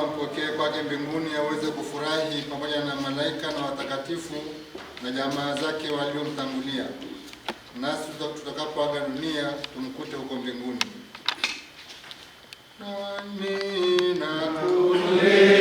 ampokee kwake mbinguni, aweze kufurahi pamoja na malaika na watakatifu na jamaa zake waliomtangulia, nasi tutakapoaga dunia tumkute huko mbinguni. Amina.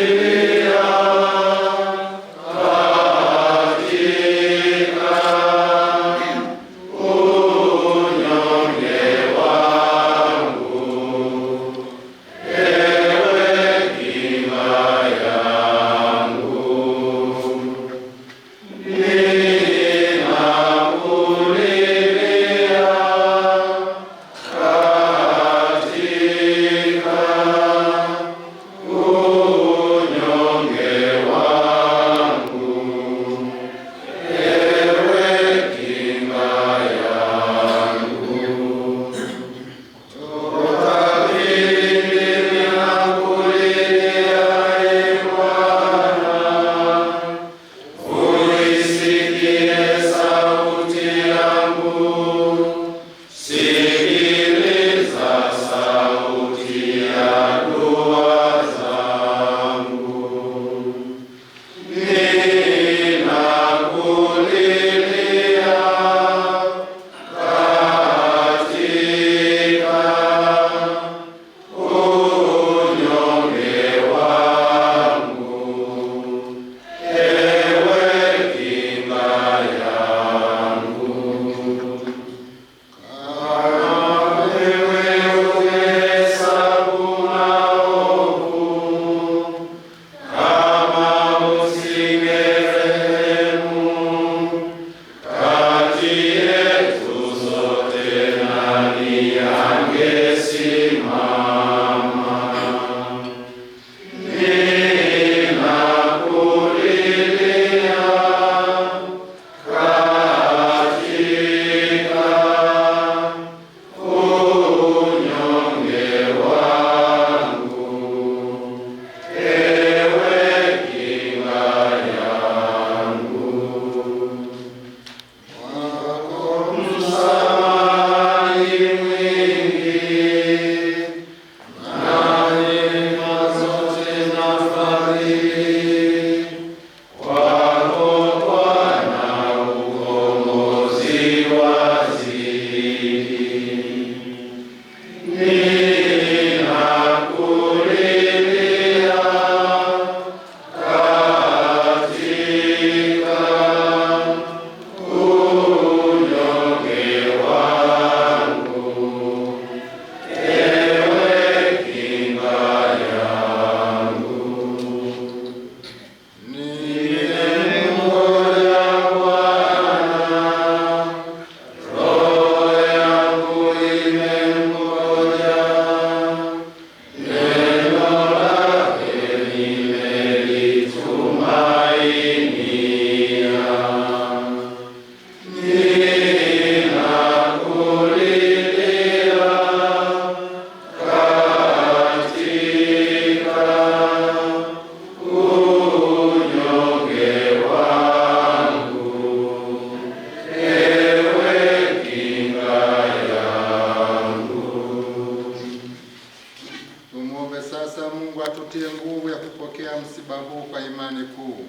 Mungu atutie nguvu ya kupokea msiba huu kwa imani kuu.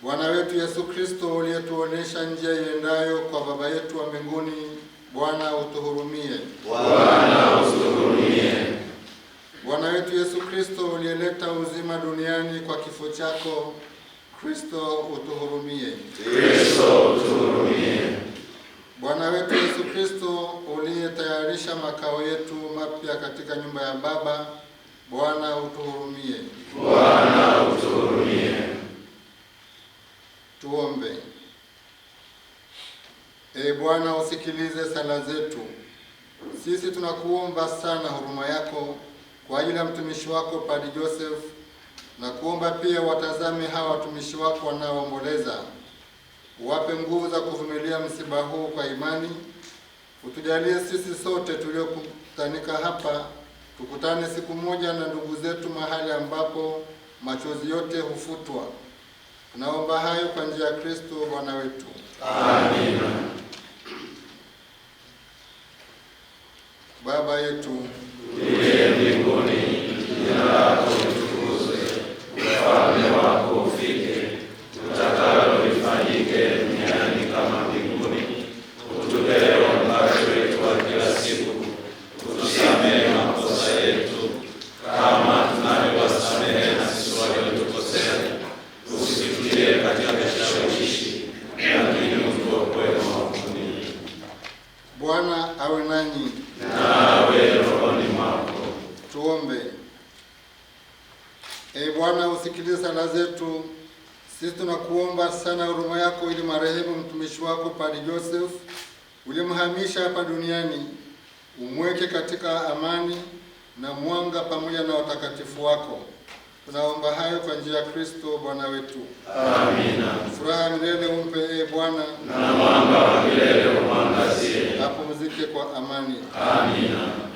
Bwana wetu Yesu Kristo, uliyetuonesha njia iendayo kwa Baba yetu wa mbinguni, Bwana utuhurumie. Bwana utuhurumie. Bwana wetu Yesu Kristo, uliyeleta uzima duniani kwa kifo chako, Kristo utuhurumie. yetu mapya katika nyumba ya Baba. Bwana utuhurumie. Bwana utuhurumie. Tuombe. E Bwana, usikilize sala zetu sisi tunakuomba sana huruma yako kwa ajili ya mtumishi wako Padi Joseph, na kuomba pia watazame hawa watumishi wako wanaoomboleza, uwape nguvu za kuvumilia msiba huu kwa imani. Utujalie sisi sote tulio kutanika hapa, tukutane siku moja na ndugu zetu mahali ambapo machozi yote hufutwa. Naomba hayo kwa njia ya Kristo Bwana wetu. Amina. Baba yetu nanyi nawe rohoni mwako. Tuombe. e Bwana, usikilize sala zetu sisi tunakuomba sana huruma yako, ili marehemu mtumishi wako Padre Joseph ulimhamisha hapa duniani umweke katika amani na mwanga pamoja na watakatifu wako. Tunaomba hayo kwa njia ya Kristo Bwana wetu. Amina. Furaha milele umpe, e Bwana, na mwanga wa milele umwangazie tumalizike kwa amani. Amina.